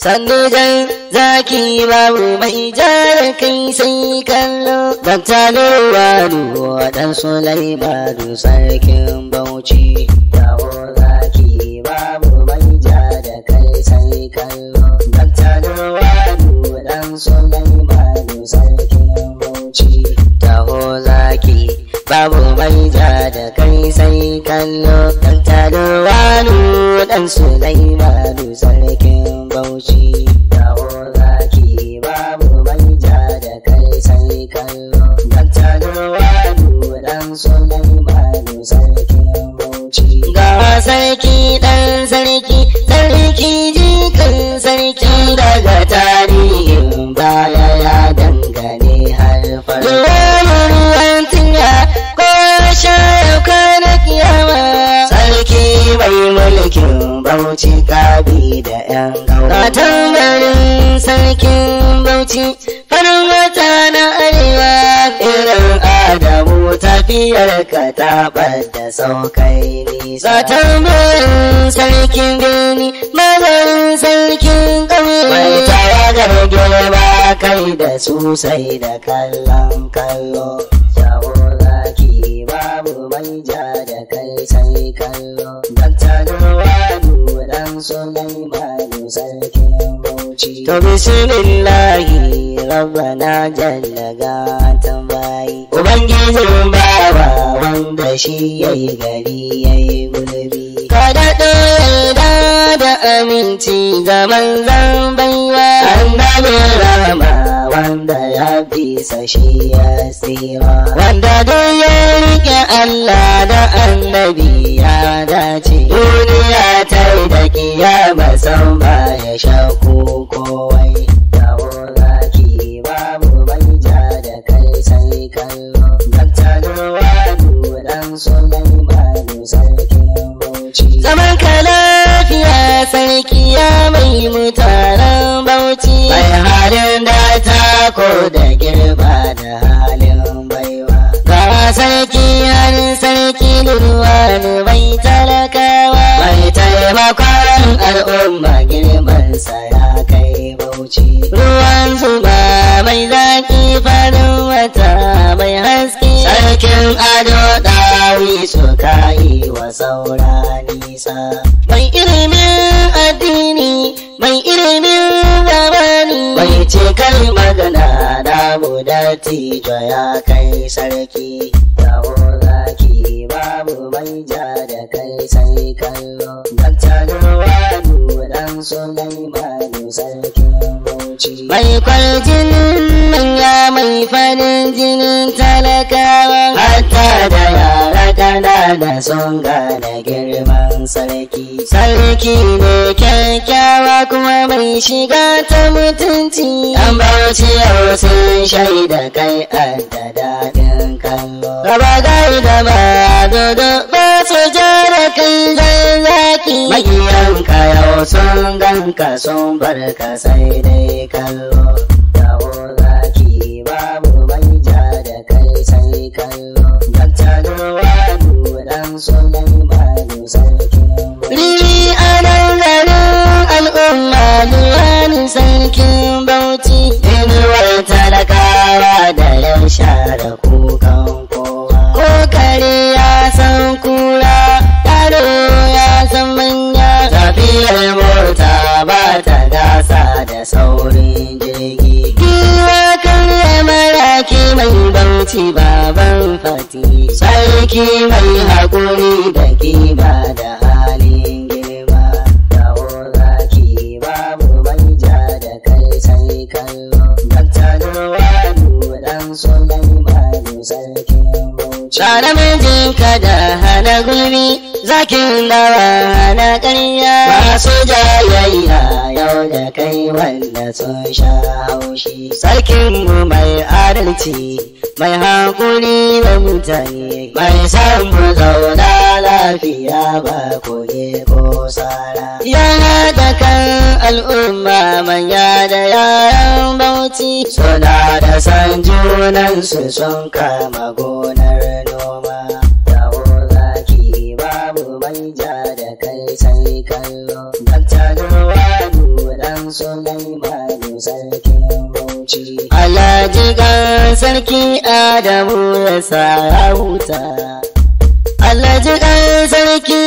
sannu jan zaki babu mai jara kai sai kallo Dokta Nuwanu waɗan du sarkin Bauchi Dawo zaki babu mai jara kai sai kallo Dokta Nuwanu waɗan du sarkin Bauchi Dawo zaki babu mai ja da kai sai kallo dan tado wani dan su ba malu sarkin bauchi dawo zaki babu mai ja da kai sai kallo dan tado wani dan su ba malu sarkin bauchi ga sarki dan sarki sarki jikan sarki daga tarihin ba. bauchi kadi da yan gawo. Matan garin sarkin bauchi farin wata na arewa irin adamu tafiyar ka ta da saukai nisa. Matan garin sarkin birni magarin sarkin ƙauye. Mai tawagar ba kai da su sai da kallon kallo. Shawo zaki babu manja da kai sai kallo. بسم الله ربنا جل gatan bayi ubangijin bawa wanda shi yayi gari yayi gurbi ka daɗo yarda da aminci ga manzan baiwa annabi rama wanda ya bisa shi ya tsira wanda duk ya riƙe Allah da annabi ya dace duniya ta da kiyama san ba ya shakku kowai da zaki babu manja da kai sai kallo dakta ruwa dudan sunan balu sarkin bauchi zaman ka lafiya sarki ya mai mutanen bauchi mai halin da ta ko da girba da halin baiwa ga sarki har sarki lulwa mai talaka taimakon al'umma girman sa ya kai bauchi ruwan zuba mai zaki farin wata mai haske sarkin ado ɗawi suka yi wa saura nisa mai ilimin addini mai ilimin zamani mai cikar magana da budati ya kai sarki da zaki babu manja da kai sai kallo Mai kwarjinin manya mai farin jinin talakawa hatta da yara da sun gane girman sarki. Sarki ne kyakkyawa kuma mai shiga ta mutunci. An bauchi yau sun shaida kai a da daɗin kallo. Gaba gai da ba dodo ko sun ganka sun barka sai dai kallo da zaki babu manja da kai sai kallo dakta duwadu dan sulaimanu sarkin ri a nan garin al'umma duwanin sarkin bauchi inuwar talakawa da yan share da saurin jirgi. Kiwa kan maraki mai bauchi baban fati, sarki mai haƙuri da kiba da halin girma. Dawo zaki babu manja da kai sai kallo, dakta duwadu ɗan sulaimanu sarkin bauchi. Shara mijinka da hana guri. zakin dawa na ƙarya masu jayayya yau da kai wanda sun sha haushi sarkin mu mai adalci mai haƙuri da mutane mai san mu zauna lafiya ba koye ko sara yana da kan al'umma manya da yaran bauchi suna da san junansu sun kama gonar ji sarki Adamu ya sa Allah ji sarki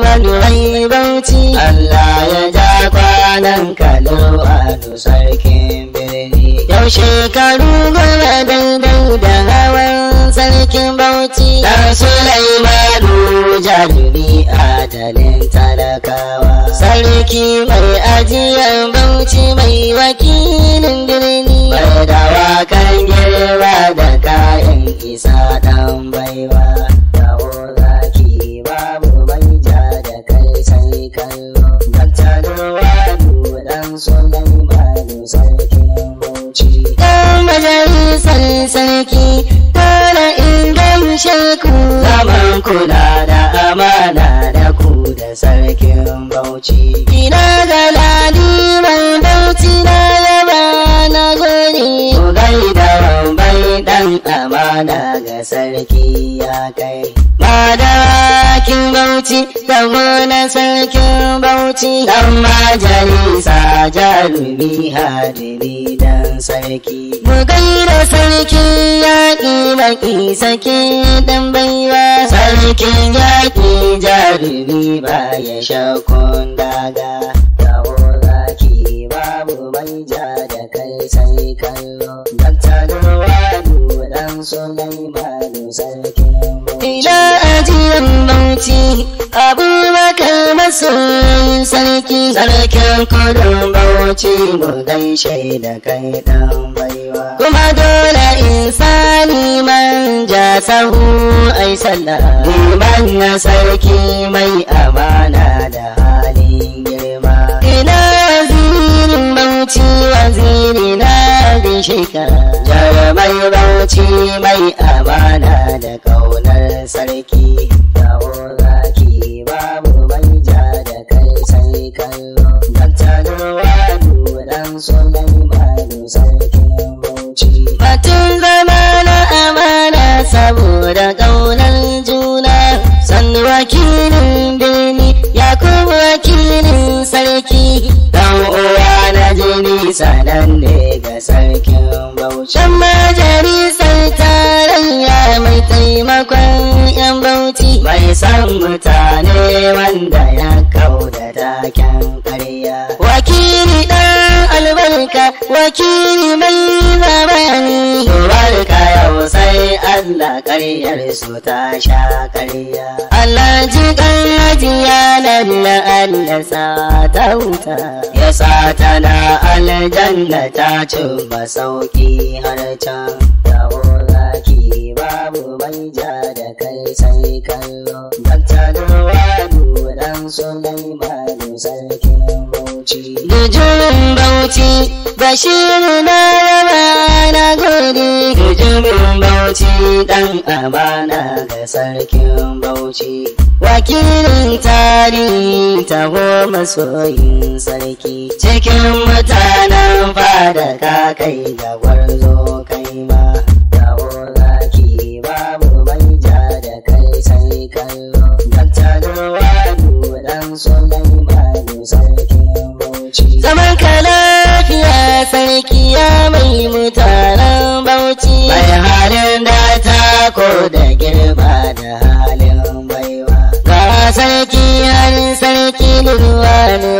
wani mai bauci. Allah ya ja kwanan kalo a sarkin birni. Yau shekaru goma daidai da hawan sarkin bauci? bauchi. Dan Sulaimanu jarumi adalin talakawa. Sarki mai ajiyar bauci mai wakilin birni. Da wakan girma da kayan isa ɗan baiwa taho zaki babu manja da kai sai kallo dakta duwadu ɗan sulaimanu sarkin bauchi ɗan majalisar sarki sarkin bauchi amma majalisa jarumi hadiri dan sarki mu gaira sarki yaƙi baki saki dan baiwa sarkin yaƙi jarumi ba ya shakon daga yawo zaki babu ja da kai sai kallo dakta gawadu dan sulaimanu sarkin bauchi ila ajiyan bauchi abubakar masoyin sarki sarkin kudin bauchi mu gaishe da kai dan baiwa kuma dole insani manja sahu ai sallah na sarki mai amana da halin girma ina wazirin bauchi waziri na bin shekara jarumai bauchi mai amana da kaunar sarki yawa sai kallo dakta duwadu dan sulaimanu sarkin bauchi batun zama na amana saboda ƙaunar juna sannu wakilin birni ya kuma wakilin sarki dan uwa na jini sanan ne ga sarkin bauchi dan majalisar tarayya mai taimakon yan bauchi mai san mutane wanda ya kawo saken ƙarya. Wakili ɗan albarka, wakili mai zamani. Barka yau sai Allah ƙaryar su ta sha ƙarya. Allah ji ƙarfi ya lalla Allah sa ta wuta. Ya sa aljanna ta ci ba sauki har can. Yawo zaki babu manja da kai sai kallo. Dakta Dawadu dan Sulaiman. sarkin bauchi. Gujumin bauchi, Bashir na yaba na gode. Gujumin bauchi, ɗan amana ga sarkin bauchi. Wakilin ta goma soyin sarki, cikin mutanen fada ka kai ga gwarzo kai ma. Taho zaki babu manja da kai sai kallo. Dakta da wadu ɗan bauchi zaman ka lafiya sarki ya mai mutanen bauchi mai halin da ta ko da girba da halin baiwa ga sarki har sarki ne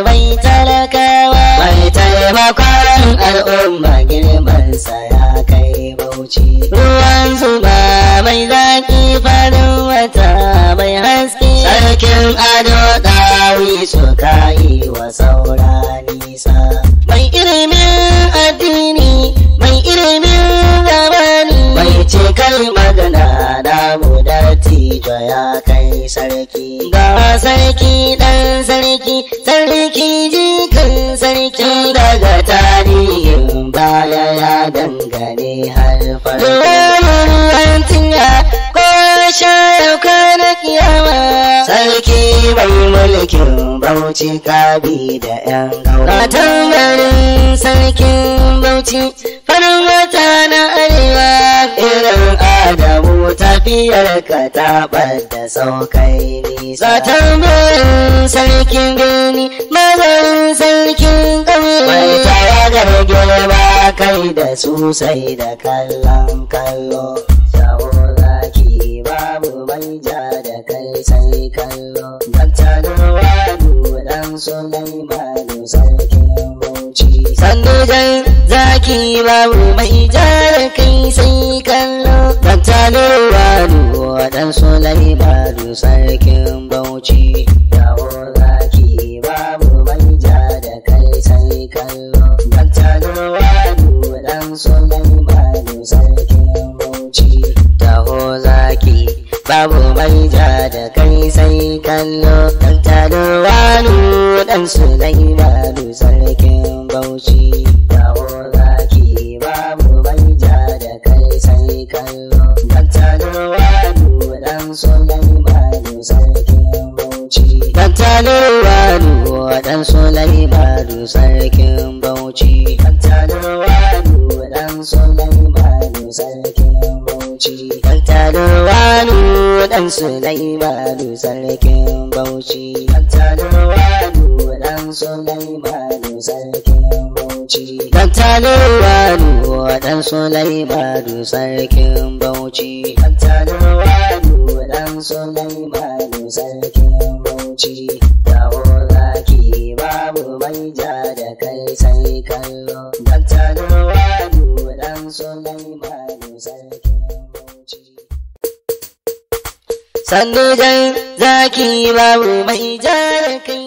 bai talakawa bai taimakon al'umma girman sa ya kai bauchi ruwan zuba mai zaki farin wata mai haske sarkin ado dawi suka ya kai sarki ga sarki dan sarki sarki jikin sarki daga tarihin baya ya dangane har farko shayar kwanar sarki mai mulkin bauchi kabi da ƴan gaura matan garin sarkin bauchi farin wata na mu tafiyar ka ta da saukai nisa tambayin sarkin gani mazan sarkin ƙauye mai tara gargara ba kai da su sai da kallon kallo shawo zaki babu manja da kai sai kallo dakta da wadu dan sulaiman sarki zuci sannu jan zaki babu mai jara kai sai kallo tantalo wadu wadan sulaimanu sarkin bauchi yawo zaki babu mai jara kai sai kallo tantalo wadu wadan sulaimanu sarkin bauchi yawo zaki babu manja da kai sai kallo dan tado wani dan su du sarkin bauchi kawo zaki babu manja da kai sai kallo dan tado wani dan su du sarkin bauchi dan tado wani dan su du sarkin bauchi dan tado wani dan su du sarkin bauchi Dakta Lawanu dan Sulaimanu sarkin bauchi Dakta Lawanu dan Sulaimanu sarkin bauchi Dakta Lawanu dan Sulaimanu sarkin bauchi Dakta Lawanu dan Sulaimanu sarkin bauchi sannu jan zaki babu mai jarakai